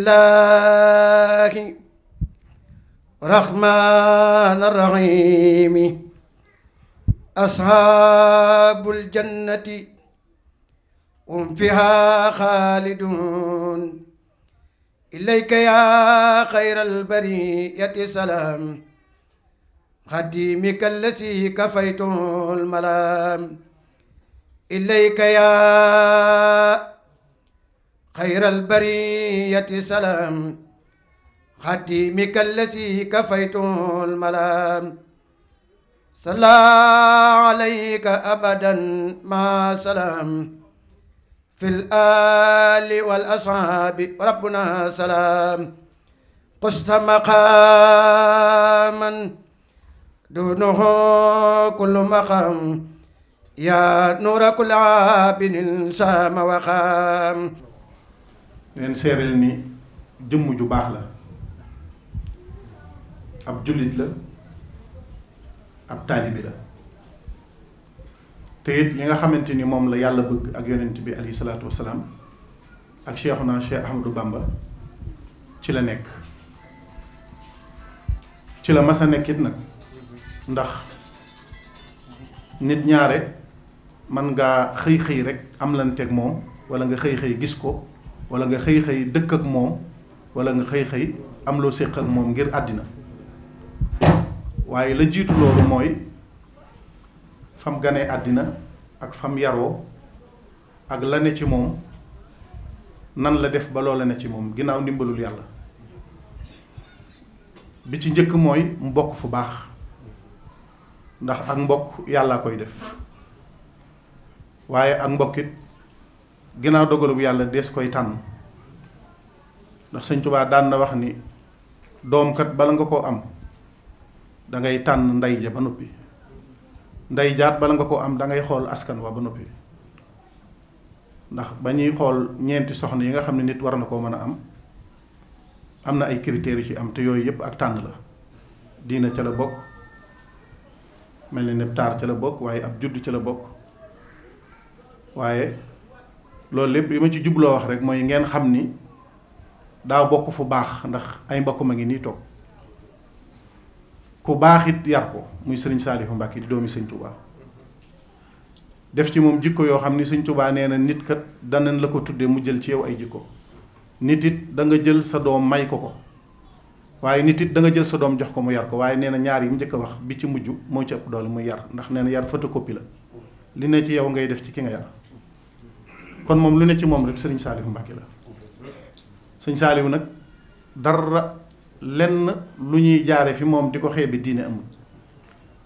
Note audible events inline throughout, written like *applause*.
الله الرحمن الرحيم أصحاب الجنة هم فيها خالدون إليك يا خير البرية سلام خديمك الذي كفيته الملام إليك يا خير البرية سلام خاتمك الذي كفيت الملام صلى عليك أبدا ما سلام في الآل والأصحاب ربنا سلام قست مقاما دونه كل مقام يا نور كل عاب سام وقام leen seereel ni jëmm ju baax la ab jullit la ab taalibi la te it li nga xamante ni moom la yàlla bëgg ak yonent bi alayhi salaatu wasalaam ak Cheikhuna Cheikh Ahmadou Bamba ci la nekk ci la mas a nekkit nag ndax nit ñaare man ngaa xëy xëy rek am lanteeg moom wala nga xëy xëy gis ko wala nga xëy xëy dëkk ak moom wala nga xëy xëy am loo séq ak moom ngir àddina waaye la jiitu loolu mooy fam gane àddina ak fam yaroo ak la ne ci moom nan la def baloo la ne ci moom ginnaaw ndimbalul yàlla bi ci njëkk mooy mu bokk fu baax ndax ak mbokk yàllaa koy def waaye ak mbokkit ginnaaw dogalub yàlla des koy tànn ndax sëñ Tuubaa daan na wax ni doomkat bala nga koo am dangay tànn ndey ja ba noppi ndey jaat bala nga koo am da ngay xool askan wa ba noppi ndax ba ñuy xool ñeenti soxna yi nga xam ne nit war na koo mën a am am na ay critères yu ci am te yooyu yëpp ak tànn la diina ca la bokk mel na ne taar ca la bokk waaye ab judd ca la bokk waaye loolu lépp li ma ci jubloo wax rek mooy ngeen xam ni daa bokk fu baax ndax ay mbokk ma ngi nii toog ku baax it yar ko muy sëriñ Saalihu Mbàkke di doomi sëñ Touba def ci moom jikko yoo xam ni sëñ tubaa nee na nit kat danañ la ko tudde mu jël ci yow ay jikko nit it danga jël sa doom may ko ko waaye nit it da jël sa doom jox ko mu yar ko waaye nee na ñaar yi mu njëkk a wax bi ci mujj moo ci ëpp doole muy yar ndax nee na yar photocopie la li ne ci yow ngay def ci ki kon moom lu ne ci moom rek sëriñ Saalihu Mbàkke la sëñ Saalihu nag dara lenn lu ñuy jaare fi moom di ko xeebe diine amul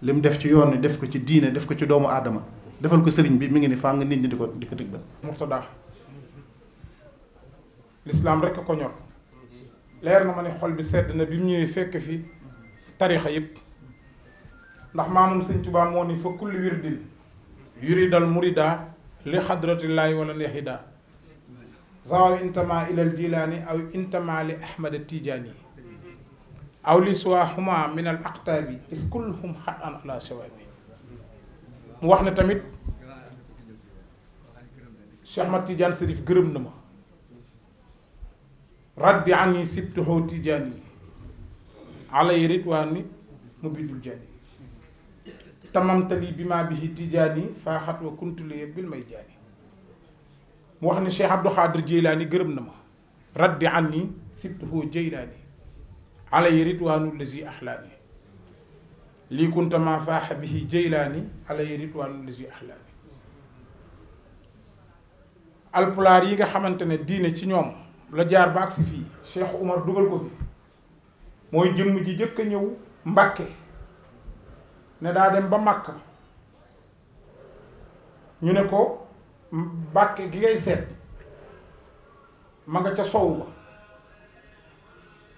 lim def ci yoon ni def ko ci diine def ko ci doomu aadama defal ko sëriñ bi mi ngi ni fàng nit ñi di ko di ko tëg ba Murtada lislaam rek ko ñor leer na ma ne xol bi sedd na bi mu ñëwee fekk fi tarixa yëpp ndax maamum sëñ Tuubaa moo ni fa kulli wirdin yuridal murida li xadratillaahi wala yahida sawaw intama ilal jilaani aw intama li ahmada tijaani aw li suwahuma min al aqtaabi is kulluhum xat an ala sawaabi mu wax ne tamit Cheikh Ahmad Tidiane Serif gërëm na ma raddi an yi sibtuhu tijaani alay ridwaani mu bidul jaani tamamtali bi maa bihi tijaani faaxat wa kuntuli bil may jaani mu wax ni Cheikh Abdou Khadir Jeylaani gërëm na ma raddi an ni sibtuhu jeylaani alay ridwaanu lazi axlaani lii kuntama faaxa bihi jeylaani alay alpulaar yi nga xamante ne diine ci ñoom la jaar ba agsi fii Cheikh Umar dugal ko fi mooy jëmm ji jëkk a ñëw Mbàkke ne daa dem ba Makka ñu ne ko Mbàkke gi ngay seet ma nga ca sow ba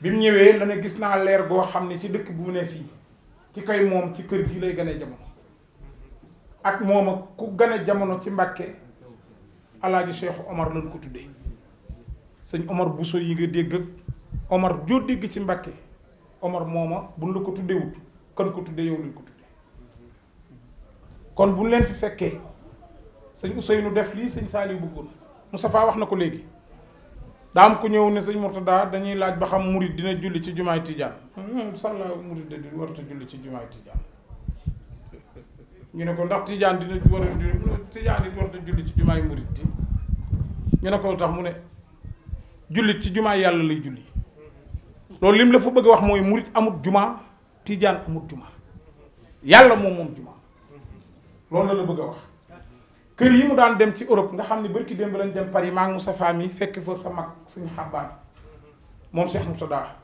bi mu ñëwee la ne gis naa leer goo xam ne ci dëkk bu mu ne fii ci koy moom ci kër gi lay gën a jamono ak moom ku gën a jamono ci Mbàkke alaaji Cheikh Omar lañ ko tuddee sëñ Omar Bousso yi nga dégg ak Omar joo dégg ci Mbàkke Omar mooma buñ la ko tuddee wut kan ko tuddee yow lañ ko tuddee kon bu ñu leen fi fekkee sëñ nu def lii sëñ Saliou bëggoon Moustapha wax na ko léegi daa ko ku ñëw ne sëñ Mourtada dañuy laaj ba xam murid dina julli ci jumaay Tijaan hmm, salla murid de warta julli ci jumaay Tijaan ñu ne ko ndax Tijaan dina war a julli Tijaan it warta julli ci jumaay murid di ñu tax mu ne jullit ci jumaa yàlla lay julli loolu lim la fa bëgg a wax mooy murit amut jumaa tiijaan amut jumaa yàlla moom moom jumaa lool na la bëgg a wax kër yi mu daan dem ci Europe nga xam ne barki démb lañ dem yi maa ngi Moustapha mi fekk fa sa mag suñu xàbbaan moom Cheikh Moustapha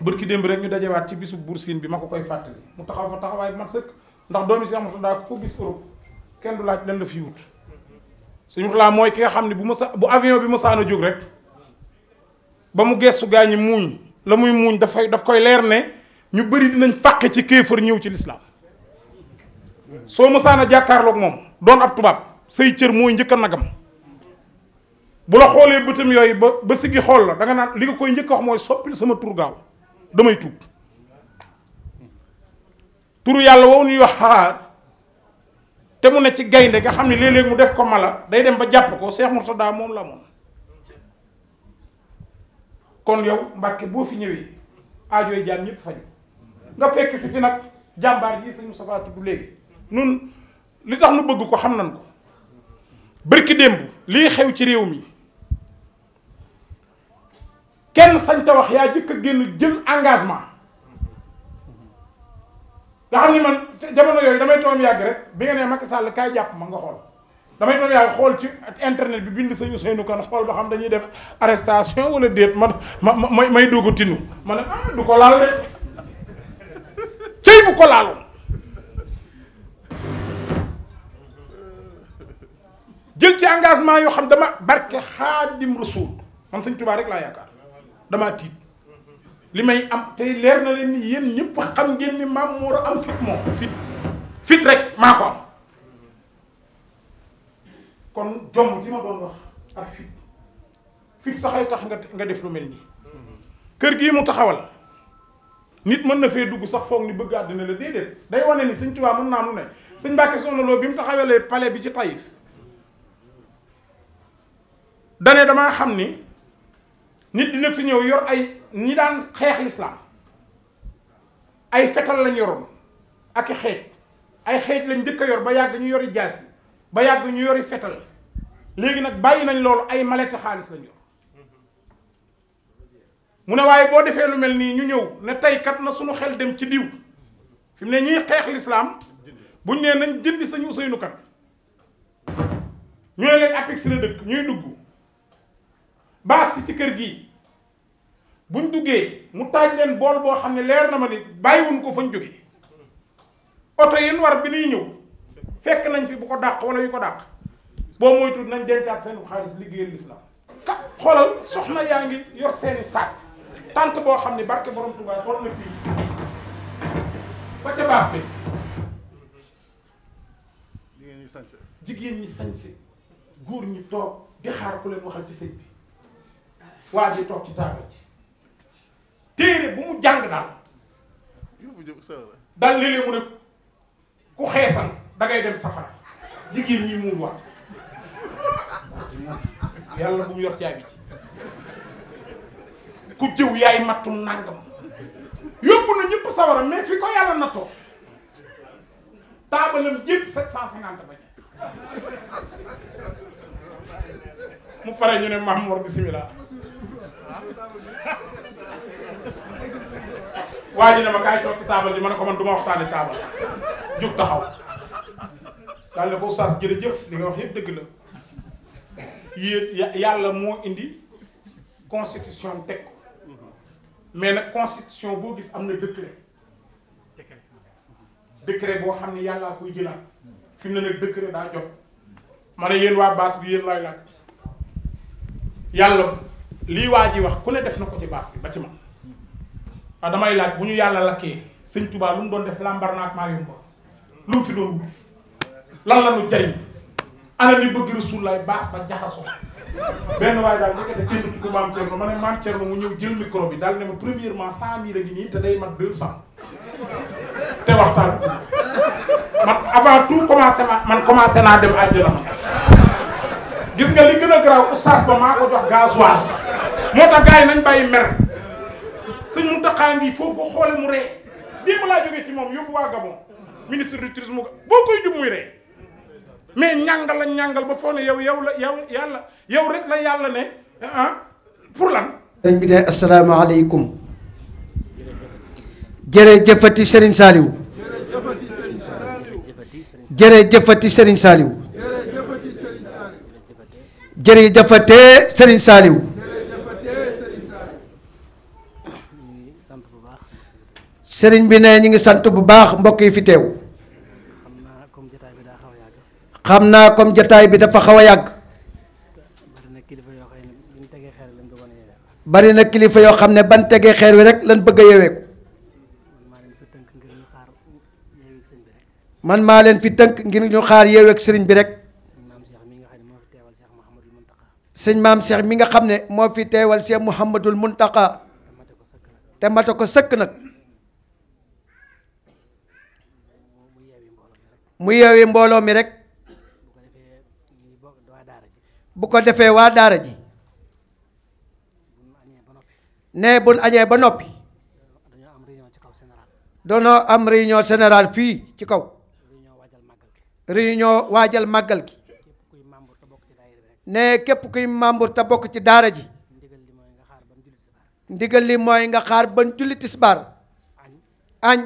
barki démb rek ñu dajewaat ci bisu buur siin bi ma ko koy fàttali mu taxaw fa taxawaay bu mat sëkk ndax doomi Cheikh Moustapha ku ko gis Europe kenn du laaj lan la fi wut suñu xalaat mooy ki nga xam ne bu ma sa bu avion bi mësaan a jóg rek ba mu gestu gaañi muuñ la muy muuñ dafay daf koy leer ne ñu bëri dinañ fàqe ci kéefër ñëw ci lislaam soo mësaan jàkkaarlook moom doon ab tubaab say cër mooy njëkk a nagam bu la xoolee bëtam yooyu ba ba siggi xool la danga naan li nga koy njëkk a wax mooy soppil sama tur gaaw damay tuub turu yàlla wow ñuy wax xaar te mu ne ci gaynde nga xam ne léeg-léeg mu def ko mala day dem ba jàpp ko Cheikh daa moom la moom kon yow Mbàkke boo fi ñëwee aajooy jaam ñëpp fañ nga fekk si fi nag jàmbaar ji sëñ Moustapha tudd léegi nun li tax nu bëgg ko xam nan ko bërki démb lii xew ci réew mi kenn sañ ta wax yaa jëkk a génn jël engagement nga xam ni man jamono yooyu damay toog yàgg rek bi nga nee Macky sàll kaay jàpp ma nga xool damay toog yàgg xool ci internet bi bind sañu seenu kan xool ba xam dañuy def arrestation wala déet ma ma may may dugg tinu ma ne ah du ko laal de cëy bu ko laaloon jël ci engagement yoo xam dama barke xaadim rasul man sëñ Tuubaa rek laa yaakaar damaa tiit li may am tey leer na leen ni yéen ñëpp xam ngeen ni maam moo am fit moom fit rek maa ko ji ma doon wax ak fit fit saxay tax nga nga def lu mel nii kër gii mu taxawal nit mën na fee dugg sax foog ni bëgg àddina la déedéet day wane ni sëñ Tuubaa mën naa mu ne sëñ Mbàkke Soxna Lo bi mu taxawalee palais bi ci Taïf dane damaa xam ni nit dina fi ñëw yor ay ñi daan xeex lislaam ay fetal lañ yoroon ak i xeej ay xeej lañ njëkk yor ba yàgg ñu yori jaas yi ba yàgg ñu yori fetal léegi nag bàyyi nañ loolu ay malette xaalis lañ yor mu ne waaye boo defee lu mel nii ñu ñëw ne teykat na suñu xel dem ci diw fi mu ne ñuy xeex lislaam buñ nee nañ jëndi sañu Ousseynou kat ñooy leen apix la dëkk ñuy dugg baax si ci kër gii buñ duggee mu taaj leen bool boo xam ne leer na ma ni bàyyiwuñ ko fañ jógee oto yi war bi nuy ñëw fekk nañ fi bu ko dàq wala yu ko dàq boo moytuwul nañ dencaat seen xaalis liggéeyal lislaam ka xoolal soxna yaa ngi yor seeni saak tant boo xam ne barke borom Tuubaa xool na fii ba ca baas bi jigéen ñi sañse góor ñi toog di xaar ku leen waxal ci sëñ waa ji toog ci tàngal ci téere bu mu jàng daal daal léeg-léeg mu ne ku xeesal da dem safara jigéen ñi muur waat yàlla bu mu yor caabi ci ku jëw yaay mattu nangam yóbbu na ñëpp sawara mais fi ko yàlla na toog taabalam jëpp sept cent cinquante ba mu pare ñu ne Mamour bismillah waa ji ne ma kaay toog taabal ji ma ne ko man du ma waxtaane taabal jug taxaw daal ne ko oustaz jërëjëf li nga wax yëpp dëgg la yéen yàlla moo indi constitution teg ko mais nag constitution boo gis am na décret décret boo xam ne yàllaa koy jëlaat fi mu ne nag décret daa jot ma ne yéen waa baas bi yéen laay laaj yàlla lii waa ji wax ku ne def na ko ci baas bi ba ci man waaw ah, damay laaj bu ñu yàlla lakkee sëñ Tuubaa lu mu doon def làmbar naag maa yomb lu mu fi doon wut lan la ñu jariñ ana li bëgg Rasulullaay baas ba jaxasoo benn waaye daal ñu ko def kenn ma ne maam Thierno mu jël micro bi daal ne ma premièrement cent mille a ngi nii te day mat deux cent te waxtaan man avant tout commencé ma man commencé naa dem àjjana gis nga li gën a garaaw oustaz ba maa ko jox gasoil moo tax gars yi nañ bàyyi mer sëñ Mountakha ngi foo ko xoole mu ree démb laa jógee ci moom yóbbu waa Gabon ministre du tourisme boo koy jub muy ree mais ñàngal la ba foo ne yow yow la yow yàlla yow rek la yàlla ne ah lan sëñ bi ne asalaamaaleykum jërëjëfati Serigne Saliou jërëjëfati Serigne Saliou jërëjëfate Serigne Saliou sëriñ bi ne ñu ngi sant bu baax mbokk yi fi teew xam naa comme jataay bi dafa xaw a yàgg bari na kilifa yoo xam ne ban tegee xeer wi rek lan bëgg a yeeweeku man maa leen fi tënk ngir ñu xaar yeeweeg sëriñ bi rek sëñ maam Cheikh mi nga xam ne moo fi teewal Cheikh Mouhamadul Muntaqa te mata ko sëkk nag. mu yeewee mbooloo mi rek bu ko defee waa daara ji ne bu ñu añee ba noppi doonoo am réunion générale fii ci kaw réunion waajal màggal gi ne képp kuy membre ta bokk ci daara ji ndigal li mooy nga xaar ban julli tisbaar añ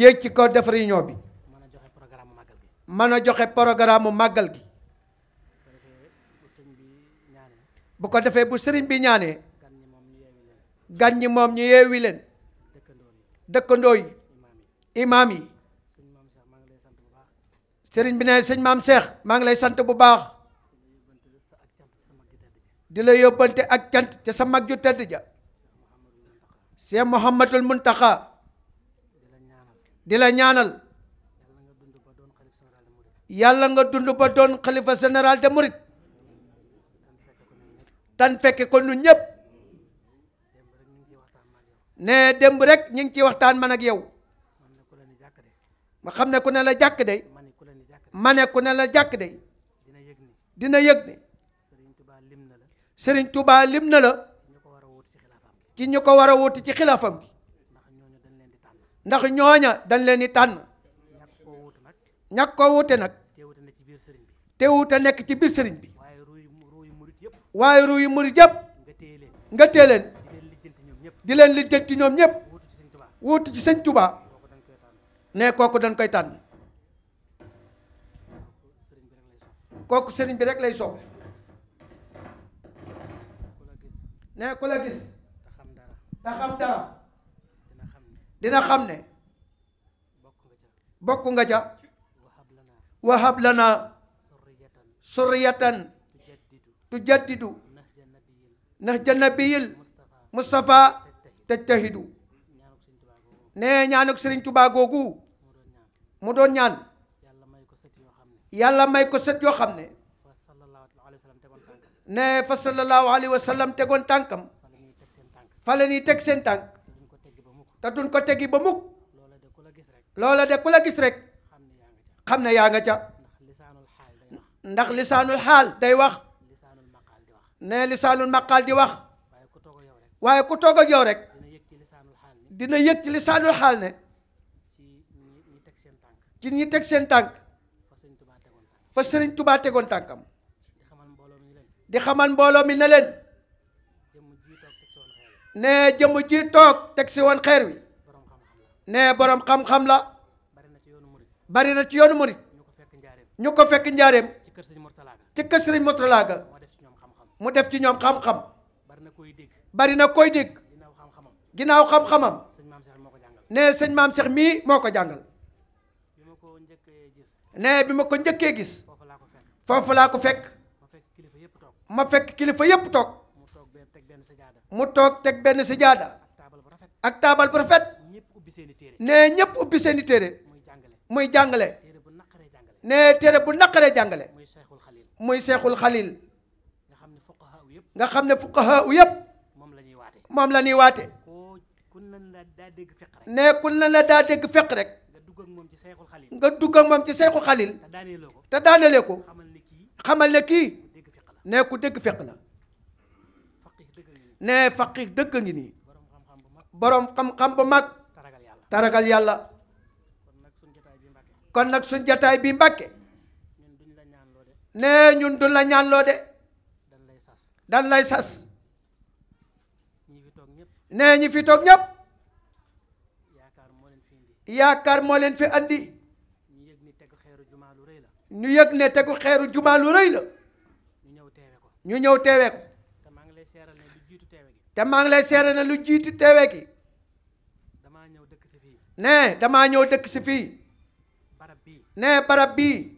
yéeg ci kaw def réunion bi mën a joxe programme mu màggal gi bu ko defee bu sëriñ bi ñaanee gan ñi moom ñu yeewi leen dëkkandoo yi imaam yi sëriñ bi ne sëñ maam Cheikh maa ngi lay sant bu baax di la yóbbante ak cant ca sa mag ju tedd ja Cheikh Mouhamadul Muntaxa di la ñaanal yàlla nga dund ba doon xalifa général de Mouride tan fekke ko ñun ñëpp ne demb rek ñu ngi ciy waxtaan man ak yow ma xam ne ku ne la jàkk de ma ne ku ne la jàkk de dina yëg ne Serigne Touba lim na la ci ñu ko war a wuti ci xilaafam gi ndax ñooña dañ leen di tànn ñàkk koo wute nag te tewu a nekk ci biir sëriñ bi waaye ruu yu murit yëpp nga tee leen di leen lijjanti ñoom ñëpp wuutu ci sëñ Tuubaa ne kooku dañ koy tànn kooku sëriñ bi rek lay soob ne ku la gis te xam dara dina xam ne bokk nga ca wahab lana surriyatan tujaddidu nahja nabiyil Mustafa tajtahidu nee ñaanuk Sëriñ Tuubaa googu mu doon ñaan yàlla may ko sët yoo xam ne nee fa sallallahu alayhi wa sallam tegoon tànkam fa la ñuy teg seen tànk te duñ ko teggi ba mukk loola de ku la gis rek xam ne yaa nga ca ndax lisaanul xaal day wax ne lisaanul maqaal di wax waaye ku toog ak yow rek dina yëg ci lisaanul xaal ne ci ñi teg seen tànk fa sëriñ tubaa tegoon tànkam di xamal mbooloo mi ne leen ne jëmm ji toog teg si woon xeer wi ne boroom xam-xam la bari na ci yoonu murit ñu ko fekk njaareem kër sëñ Mourtala ga ci kër sëñ Mourtala ga mu def ci ñoom xam-xam mu def ci ñoom xam-xam bari na koy dégg bari na koy dégg ginnaaw xam-xamam ginnaaw xam-xamam sëñ maam Cheikh moo ko jàngal ne sëñ maam Cheikh mii moo ko jàngal bi ko njëkkee gis ne bi ma ko njëkkee gis foofu laa ko fekk foofu laa ko fekk ma fekk kilifa yëpp toog ma fekk kilifa yëpp toog mu toog teg benn sajaada mu toog teg benn sajaada ak taabal bu rafet ne ñëpp ubbi seen i téere muy jàngale ne téere bu naqaree jàngale muy seexul xalil nga xam ne fuqahaa u yëpp moom la ñuy waate moom la ñuy waate ne kun na la daa dégg fekk rek nga dugg ak moom ci seexul xalil te daanelee ko xamal ne kii ne ku dégg fekk la ne faqih dëgg ngi nii boroom xam-xam bu mag taragal yàlla kon nag suñ jataay bi mbàkke nee ñun du la ñaanloo de dan lay sas sas fi toog nee ñi fi toog ñëpp yaakaar moo leen fi andi ñu yëg ne tegu xeeru jumaa lu rëy la ñu ñëw teewe ko te maa ngi lay seeral jiitu teewe gi te maa ngi lay seere ne lu jiitu teewe gi ne damaa ñëw dëkk si fii ne barab bii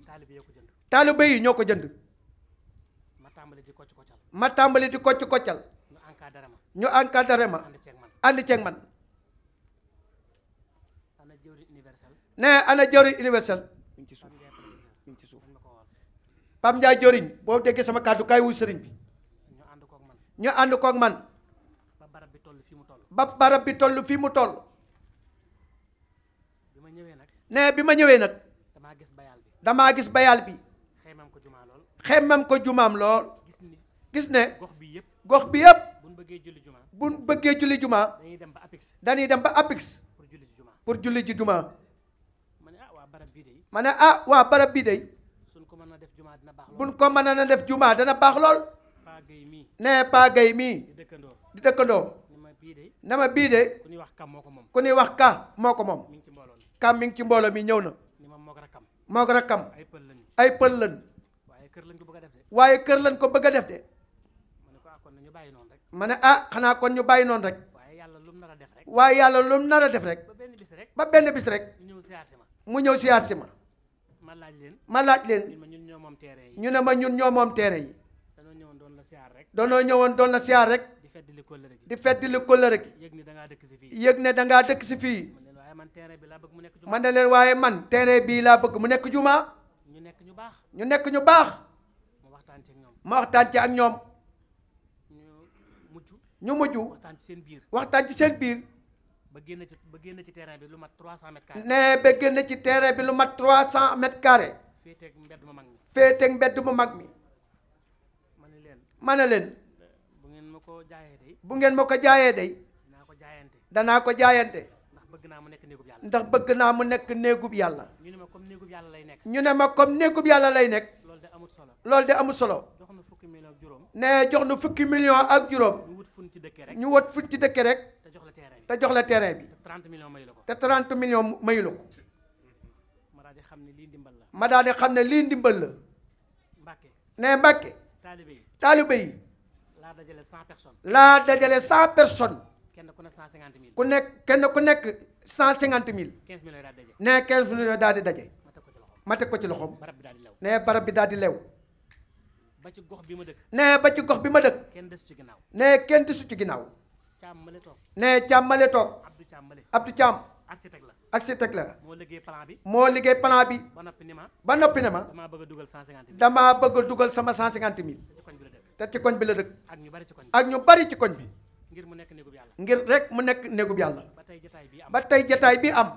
taalibe yi ñoo ko jënd ma tàmbali di kocc koccal ñu encadré ma ànd ceeg man ne ana jëwriñ universel Pam Ndiaye jëriñ boo deggee sama kàddu kaay wuy sëriñ bi ñu ànd kook man ba barab bi toll fii mu toll ne bi ma ñëwee nag damaa gis bayal bi xeymam ko jumaam lool. xeymam ko jumaam lool. gis ne gox bi yëpp gox bi yëpp. bu ñu bëggee julli jumaa bu ñu bëggee julli jumaa. dañuy dem ba apix. dañuy dem ba apix. pour julli ji jumaa ji jumaa. ma ne ah waa barab bii de. ma ne ah waa barab bii de. buñ ko mën a def jumaa dana baax lool buñ ko mën a def jumaa dana baax lool. Paa Guèye mii. nee Paa Guèye mii. di dëkkandoo di dëkkandoo. na ma bii de. ku ñuy wax ka moo ko moom. ku ñuy wax ka moo ko moom. mi ngi ci mbooloo mi. ka mi ci mbooloo mi ñëw na. ni ma moog rakkam. moog rakkam. ay ay pël lan waaye kër lan ko bëgg a def de ma ne ah, ah xanaa kon ñu bàyyi noon rek waaye yàlla lu mu nar a def rek ba benn bis rek mu ñëw siyaar si ma ma laaj leen ma laaj leen ñu ne ma ñun ñoo moom teere yi danoo ñëwoon doon la siyaar rek di feddili kóllëre gi yëg ne dangaa dëkk si fii man ne leen waaye man teere bii laa bëgg mu nekk jumaa ñu baax ñu nekk ñu baax ma waxtaan ci ak ñoom ma waxtaan ak ñoom ñu mujj waxtaan ci seen biir waxtaan ci seen biir ba génn ci ba génn ci terrain bi lu mat 300 mètres carrés ne ba génn ci terrain bi lu mat 300 mètres carrés féeteeg mbedd mu mag mi féeteeg mbedd mu mag mi ma ne leen ma ne leen bu ngeen ma ko jaayee day bu ngeen ma ko jaayee day danaa ko jaayante danaa ko jaayante bëgg naa mu nekk néegub yàlla. ndax bëgg naa mu nekk néegub yàlla. ñu ne ma comme néegub yàlla lay nekk. ñu ne ma comme néegub yàlla lay nekk. loolu de amul solo. loolu amul solo. jox na fukki million ak juróom. ne jox na fukki million ak juróom. ñu wut fuñ ci dëkke rek. ñu wut fuñ ci dëkkee rek. te jox la terrain bi te jox la terrain bi. te 30 millions mayu la ko. te 30 millions ma daal xam ne lii ndimbal la. ma daal di xam ne lii ndimbal la. Mbàkke. ne Mbàkke. taalibe yi. taalibe yi. laa dajale cent personne laa dajale 100 personnes. kenn ku ne 150 000. ku nekk kenn ku nekk 150 000. 15 millions daal di daje. nee 15 millions daal di daje. ma teg ko ci loxoom. nee barab bi daal di lew. ba ci gox bi ma dëkk. nee ba ci gox bi ma dëkk. kenn desu ci ginnaaw. nee kenn desu ci ginnaaw. toog. nee càmmale toog. Abdou Càmmale. Abdou Càmm. architecte la. architecte la. moo liggéey plan bi. moo liggéey plan bi. ba noppi ne ma. ba noppi damaa bëgg a dugal 150 000. damaa bëgg a dugal sama 150 000. te ci koñ bi la dëkk. ñu bari ci koñ bi. ak ñu bari ci koñ bi. ngir mu nekk néegub yàlla. ngir rek mu nekk néegub yàlla. ba tey jataay bi am ba tey jataay bi am.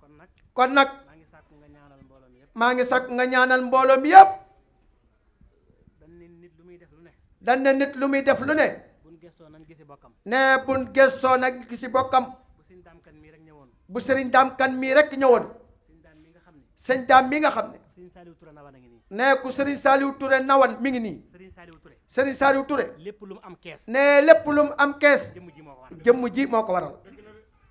kon nag kon nag maa ngi sàkk nga ñaanal mbooloo mi yëpp. maa ngi sàkk nga ñaanal mbooloo mi yëpp. dañ ne nit lu muy def lu ne. dañ ne nit lu muy def lu ne. buñ gëstoo nañ gisi bokkam. nee buñ gëstoo nañ gisi bokkam. bu sëriñ daam kan mii rek ñëwoon. bu sëriñ daam mii rek ñëwoon. nga xam ne. Serigne Saliou Touré nawan a ngi nii. nee ku Serigne Saliou Touré nawan mi ngi nii. Serigne Saliou Touré. Serigne Saliou Touré. lépp lu mu am kees. nee lépp lu am kees. jëmm ji moo ko waral ji moo ko waral. lu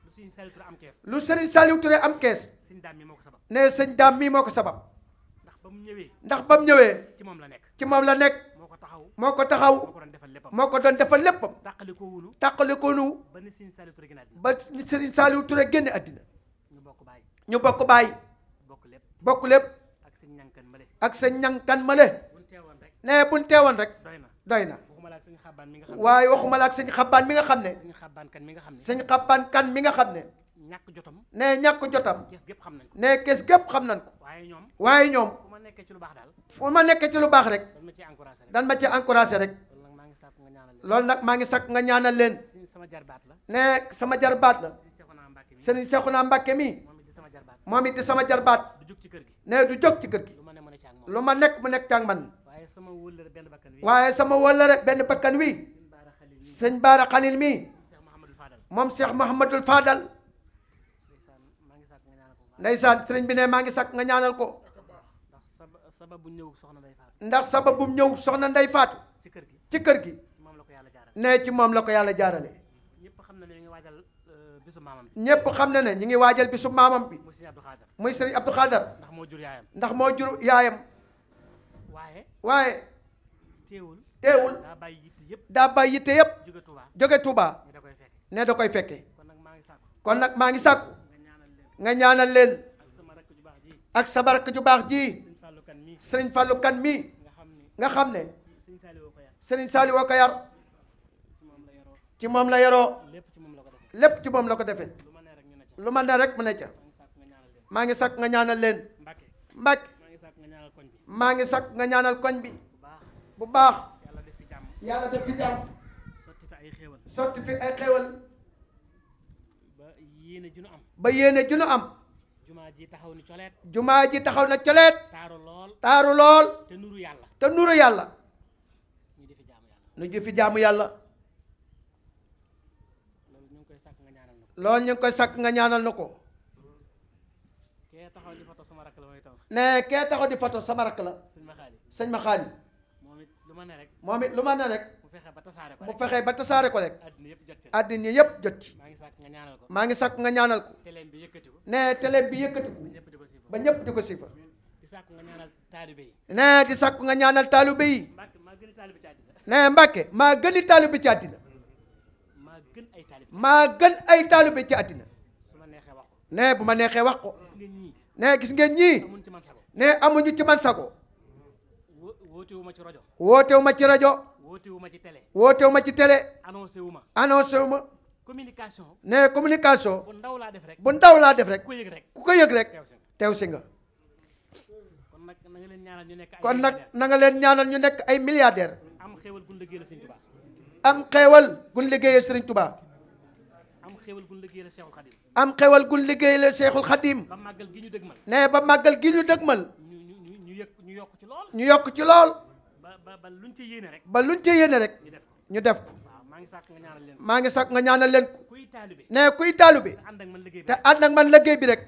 Serigne Saliou Touré am lu Serigne Saliou Touré am kees. sëñ daam mi moo ko sabab. nee sëñ daam mi moo ko sabab. ndax ba mu ñëwee. ndax ba mu ci moom la nekk. ci moom la nekk. moo ko taxaw moo ko doon defal léppam tàqali ko wunu tàqali ko wunu ba ni Serigne Saliou Touré génne àddina ba Serigne Saliou Touré génne àddina ñu bokk baay ñu bokk baay bokk lépp bokk lépp ak sa kan male ne buñ teewoon rek doy na waaye waxuma la ak sëñ xabaan mi nga xam ne sëñ xabaan kan mi nga xam ne ñàkk jotam ne ñàkk jotam ne kees gépp xam nañ ko waaye ñoom fu ma nekkee ci lu baax rek dan ma ci encouragé rek loolu nag maa ngi sakk nga ñaanal leen ne sama jarbaat la seeko Seexuna Mbàkke mi moom it di sama jarbaat ne du jóg ci kër gi lu ma nekk mu nekk càng man waaye sama wëllëre benn bakkan wi sëñ Baara Xalil mii moom Cheikh Mouhamadul Fadal ndeysaan sëriñ bi ne maa ngi sak nga ñaanal ko ndax sababum ñëw soxna Ndey Faatu ci kër gi ne ci moom la ko yàlla jaarale ñëpp xam na ne ñu ngi waajal bisu maamam bi muy sëriñ Abdou Khadar ndax moo jur yaayam ndax moo jur yaayam waaye waaye teewul teewul daa bàyyi yitte yëpp jóge Touba ne da koy fekke kon nag maa ngi sàkku nga ñaanal leen ak sama rakk ju baax ji sëriñ Fallou Kane mii nga xam ne sëriñ Saliou ko yar ci moom la yaroo lépp ci moom la ko defee lu ma ne rek mu ne ca maa ngi sakk nga ñaanal leen Mbàkke maa ngi sakk nga ñaanal koñ bi bu baax yàlla def fi jàmm sotti fi ay xéewal ba yéene ju nu am jumaa ji taxaw na coleet jumaa ji taxaw na coleet taaru lool taaru lool te nuru yàlla te nuru yàlla nu di fi jaamu yàlla loolu ñu ko koy sàkk nga ñaanal na ko nee kee taxaw di photo sama rakk la sëñ ma xaali moom it lu ma ne rek mu fexe ba tasaare ko rek àddina yépp jot ci maa ngi sàkk nga ñaanal ko nee tele bi yëkkati ko ba ñépp di ko siifar nee di sàkk nga ñaanal taalibe yi nee mbàkke maa gëni taalibe ci àddina maa gën ay taalibe ci àddina ne bu ma neexee wax ko ne gis ngeen ñii ne amuñu ci man sago wootewuma ci rajo wootewuma ci rajo wootewuma ci télé wootewuma ci télé annoncé wu ma annoncé ma communication ne communication bu ndaw laa def rek bu ndaw laa def rek ku ko yëg rek ku ko yëg rek teew si nga kon nag na nga leen ñaanal ñu nekk ay milliardaire am xéewal gu ñu liggéeyal am xeewal gun liggéeyee Serigne Touba. am xeewal gun liggéeyee Cheikhul Khadim. am xeewal gun liggéeyee Cheikhul Khadim. ba màggal gi ñu dëgmal. nee ba màggal gi ñu dëgmal. ñu ñu ñu ñu yokk ci lool. ñu yokk ci lool. ba ba ba luñ ci yéene rek. ba luñ ca yéene rek. ñu def ko ñu def ko. maa ngi sàkk nga ñaanal leen maa ngi sàkk nga ñaanal leen ko. nee kuy taalibe. te ànd ak man liggéey bi rek.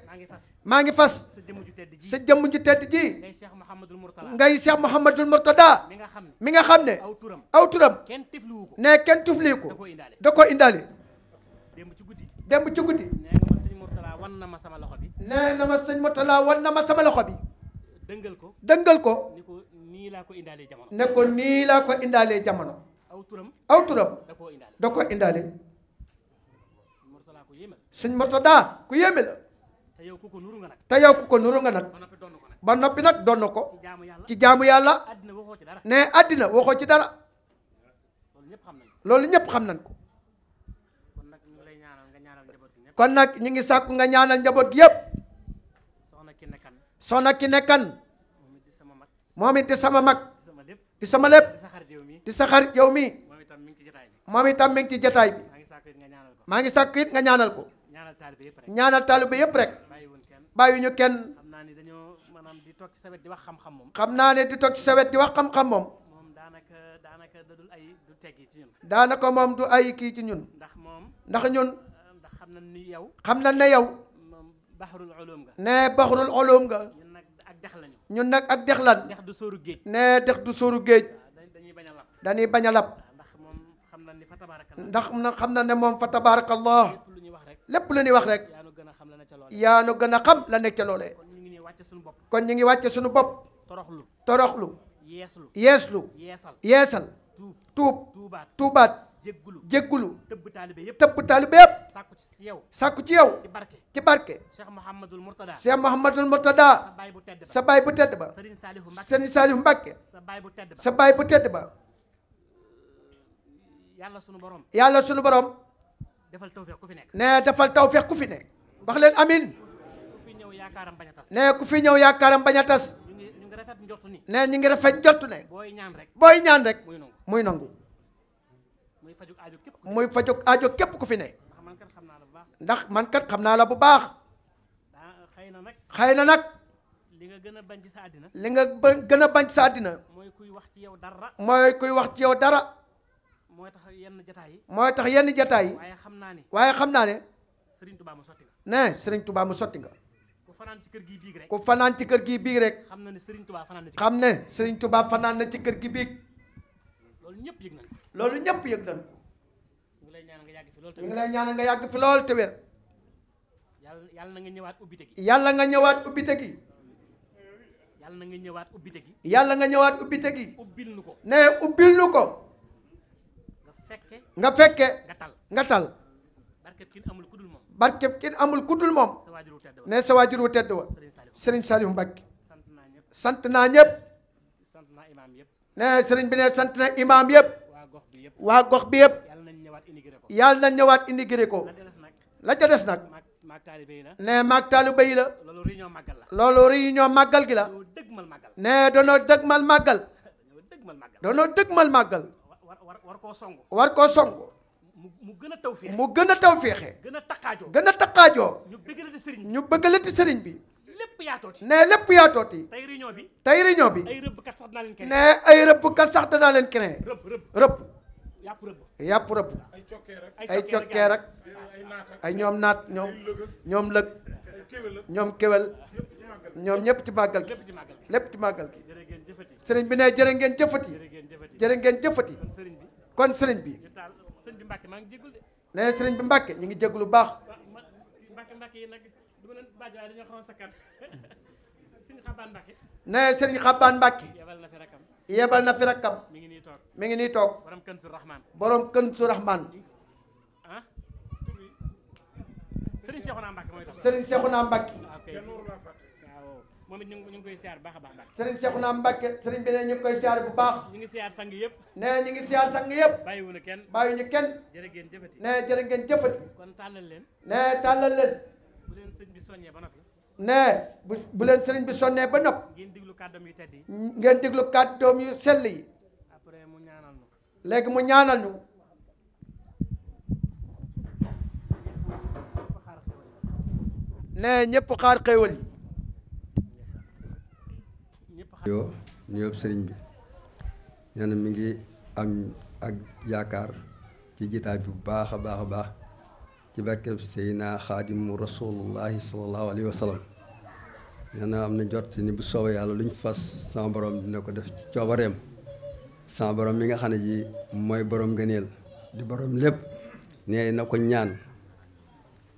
maa ngi fas. jëmm ju tedd ji sa jëmm ju tedd ji ngay Cheikh Mouhamadul Mourtada ngay Cheikh Mouhamadul Mourtada mi nga xam ne mi nga xam ne aw turam aw turam kenn tifliwu ko ne kenn tifliwu ko da koo indaale démb ci guddi démb ci guddi nee na ma sëñ Mourtada wan na ma sama loxo bi nee na ma sëñ Mourtada na ma sama loxo bi dëngal ko dëngal ko ni ko nii laa ko indaalee jamono ne ko nii laa ko indaale jamono aw turam aw turam da ko indaale da koo indaale sëñ Mourtada ku yéeme te yow ku ko nuru nga nag te ko nuru nga nag ba noppi nag donn ko ci jaamu yàlla ne àddina waxoo ci dara loolu ñëpp xam nañ ko kon nag ñu ngi sàkku nga ñaanal njaboot gi yëpp soxna ki nekkan moom it di sama mag di sama lépp di sa xarit yow mi moom itam mi ngi ci jataay bi maa ngi sàkku it nga ñaanal ko ñaanal taalibe yépp rek bàyyiwuñu kenn xam naa ne di toog ci sa wet di wax xam-xam moom xam naa ne di toog ci sa wet di wax xam-xam moom daanaka dadul ay du teggi ci ñun daanaka moom du ay kii ci ñun ndax moom ndax ñun euh, ndax xam na ni yow xam na ne yow baxrul ulum nga ne baxrul ulum nga ñun nag ak dex lañu ñun nag ak dex lan du sóoru géej ne dex du sóoru géej dañuy bañ a lab dañuy bañ a lab ndax xam na ne moom fa tabaarakallah lépp lu ñuy wax rek yaa nu gën a xam la nekk ca loolee kon ñu ngi wàcce suñu bopp toroxlu toroxlu yeeslu yeesal tuub tuubaat jéggulu tëbb taalibe yépp sàkku ci yow ci barke Cheikh Mouhamadul Mourtada sa baay bu tedd ba Serigne Saliou Mbacké sa baay bu tedd ba yàlla sunu borom defal tawfeex ku fi nekk. nee defal tawfeex ku fi nekk. wax leen amin ku fi ñëw yaakaaram bañ a tas. nee ku fi ñëw yaakaaram a tas. ñu ngi rafet njortu ni. nee ñu ngi rafet njortu ne. booy ñaan rek. booy ñaan rek muy nangu. muy fajo ajo képp muy fajuk aajo képp ku fi ne. ndax man kat xam naa la bu baax. xëy na nag xëy na nag. li nga gën a bañ ci sa àddina. li nga gën a bañ ci sa àddina. mooy kuy wax ci yow dara. mooy kuy wax ci yaw dara. mooy tax yenn jataay yi. mooy tax yenn jataay yi. waaye xam naa ne. waaye xam naa ne. Serigne Touba mu sotti nga. nee Serigne Touba mu sotti nga. ku fanaan ci kër gii biig rek. ku fanaan ci kër gii biig rek. xam na ne Serigne Touba fanaan na ci. xam ne fanaan na ci kër gi biig. loolu ñëpp yëg nañ. loolu ñëpp yëg nañ. ñu ngi nga yàgg fi lool te ñu lay ñaanal nga yàgg fi lool te yàlla na nga ñëwaat ubbite gi. yàlla nga ñëwaat ubbite gi. na nga ñëwaat ubbite gi. yàlla nga ñëwaat ubbite gi. ubbil nu ko. nee ubbil nu ko. nga fekke nga tal barkeb kin amul kudul moom barkeb kin amul kudul moom ne sa waajur wu tedd wa sëriñ Saliou Mbacké sant naa ñëpp ne sëriñ bi ne sant na imaam yëpp waa gox bi yëpp yàlla nañ ñëwaat indigré ko la ca des nag ne maag taalibe yi la loolu réunion màggal gi la ne danoo dëgmal màggal danoo dëgmal màggal war koo songu war koo song mu gën a taw féexe mu gën a taw féexe gën a taqaajoo gën a taqaajoo ñu bëggalati sëriñ ñu bëggalati sëriñ bi lépp yaa tooti ne lépp yaa tooti tey réunion bi tey réunion bi ay rëbbkat sax danaa leen keneen ne ay rëbbkat sax danaa leen keneen rëbb rëbb rëbb yàpp rëbb yàpp rëbb ay cokkee rek ay ñoom naat ñoom ñoom lëg ñoom kéwél ñoom ñëpp ci màggal gi lépp ci màggal gi sëriñ bi ne jërë ngeen jëfati jërë ngeen jëfati kon sëriñ bi nee sëriñ bi Mbàkke ñu ngi jéglu baax *laughs* nee sëriñ Xabaan Mbàkke yebal na fi rakkam mi ngi nii mi ngi nii toog borom kën su raxmaan borom kën su raxmaan ah? Serigne Cheikhouna Mbacke mooy tax Serigne Cheikhouna moom it ñu ngi koy siyaar bu baax a baax sëriñ Cheikhouna Mbacke sëriñ bi ne ñu koy siyaar bu baax ñu ngi siyaar sang yëpp nee ñu ngi siyaar sang yëpp bàyyiwuñu kenn bàyyiwuñu kenn jërë ngeen jëfati nee jërë ngeen jëfati kon tàllal leen nee tàllal leen leen sëriñ bi soññee ba noppi nee bu bu leen sëriñ bi soññee ba nopp ngeen diglu kàddoom yu tedd yi ngeen diglu kàddoom yu sell yi mu ñaanal ñu léegi mu ñaanal ñu nee ñëpp xaar xéewal yi yoo nuyoo sëriñ bi nee na mi ngi am ak yaakaar ci jitaay bu baax a baax a baax ci barkeb Seydina Xaadimu Rasulullahi sallallahu alayhi wa sallam nee na am na jot ni bu soobee yàlla lu fas sama borom dina ko def ci coobareem sama borom mi nga xam ne ji mooy boroom gëneel di boroom lépp nee na ko ñaan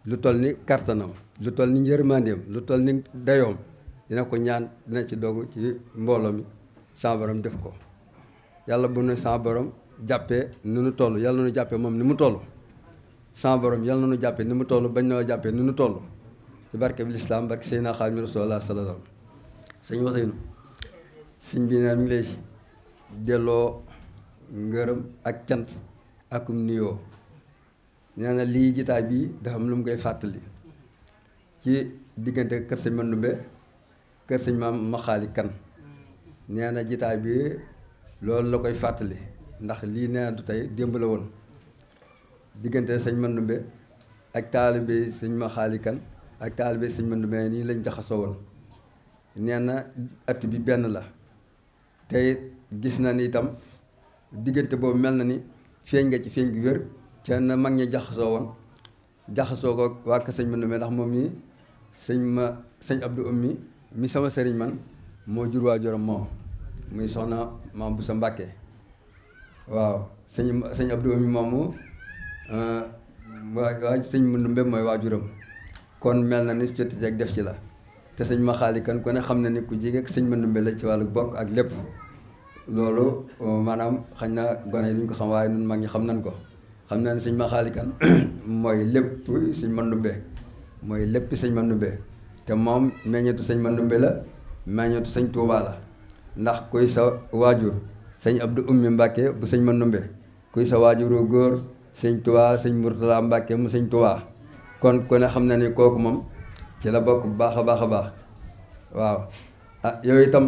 lu toll ni kartanam lu toll ni njërmandeem lu toll ni dayoom dina ko ñaan dina ci dogu ci mbooloo mi sa borom def ko yàlla bu nu sa borom jàppee ni nu toll yàlla nu jàppee moom ni mu toll sa borom yàlla nu jàppee ni mu toll bañ noo jàppee ni nu toll ci barke bi lislaam barke Seydina Xaadimu Rasuulillaahi sallallaahu alayhi wa sallam sëñ Ousseynou sëñ bi naan mi lay delloo ngërëm ak cant akum nuyoo nee na lii jitaay bii dafa am lu mu koy fàttali ci diggante kër sëñ Mandoumbe kër sëñ maam maxaali kan nee jitaay bi loolu la koy fàttali ndax lii nee na du tey démb la woon diggante sëñ Mandumbe ak taalibe sëñ maxaali kan ak taalibe sëñ Mandumbe nii lañ jaxasoo woon nee na at bi benn la tey gis na ni itam diggante boobu mel na ni feeñ nga ci feeñ gi wér ca na mag ñi jaxasoo woon jaxasoo ko waa kër sëñ Mandumbe ndax moom mii sëñ ma sëñ Abdou Ummi mi sama sëriñ man moo jur waajuram moo muy soxna maam bu sa Mbàkke waaw sëñ sëñ Abdou mi moomu euh, waa sëñ Mundumbe mooy waajuram kon mel na ni jot jeeg def ci la te sëñ ma xaali kan ku ne xam na ni ku jege ak sëñ Mundumbe la ci wàllu bokk ak lépp loolu maanaam xañ na gone yi duñ ko xam waaye ñun mag ñi xam nañ ko xam naa ne sëñ ma xaali kan *coughs* mooy lépp sëñ Mundumbe mooy lépp sëñ Mundumbe te moom meññeetu sëñ Mandumbe la meññeetu sëñ Tuubaa la ndax kuy sa waajur sëñ Abdou Ummi Mbàkke bu sëñ Mandumbe kuy sa waajuru góor sëñ Tuubaa sëñ Murtala Mbàkke mu sëñ Tuubaa kon ku ne xam na ni kooku moom ci la bokk bu baax a baax a baax waaw ah yow itam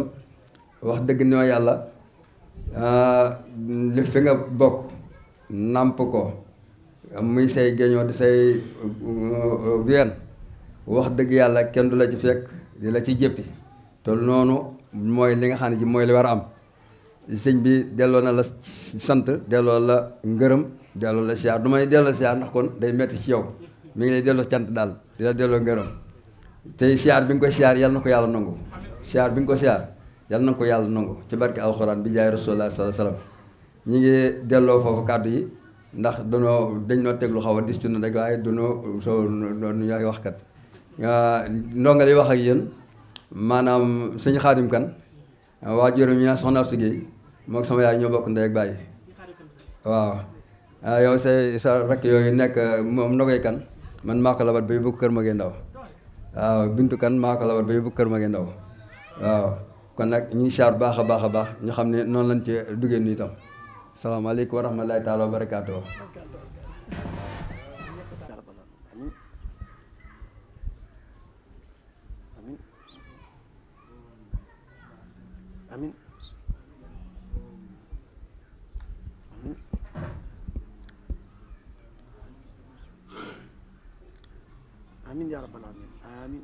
wax dëgg noo yàlla ah, li fi nga bokk nàmp ko muy say géñoo di say uh, uh, ween wax dëgg yàlla kenn du la ci fekk di la ci jëppi te noonu mooy li nga xam ne ji mooy li war a am sëñ bi delloo na la sant delloo la ngërëm delloo la siyaar du may delloo siyaar ndax kon day metti ci yow mi ngi lay delloo cant daal di la delloo ngërëm tey siyaar bi nga ko siyaar yal na ko yàlla nangu siyaar bi nga ko siyaar yal na ko yàlla nangu ci barke alxuraan bi jaay rasulullah sallallahu alayhi wasallam ñi ngi delloo foofu kàddu yi ndax danoo dañ noo teg lu xaw a dis ci na rek waaye danoo soo nu ñooy waxkat nga lay wax ak yéen maanaam sëñ xaadim kan waa juróom ñaa soxna Abdou Guèye moom sama yaay ñoo bokk ndey ak bàyyi waaw ah, yow sa sa rakk yooyu nekk moom nogay kan man maa ko ba yóbbu kër ma ndaw waaw bintu kan maa ko labat kër ma ngi ndaw waaw kon nag ñu ngi xaar baax a baax a baax ñu xam ne noonu lañ ci duggee nii tam salaamaaleykum wa rahmatulahi taala wa barakaatu amin yaa rabbal alamin amin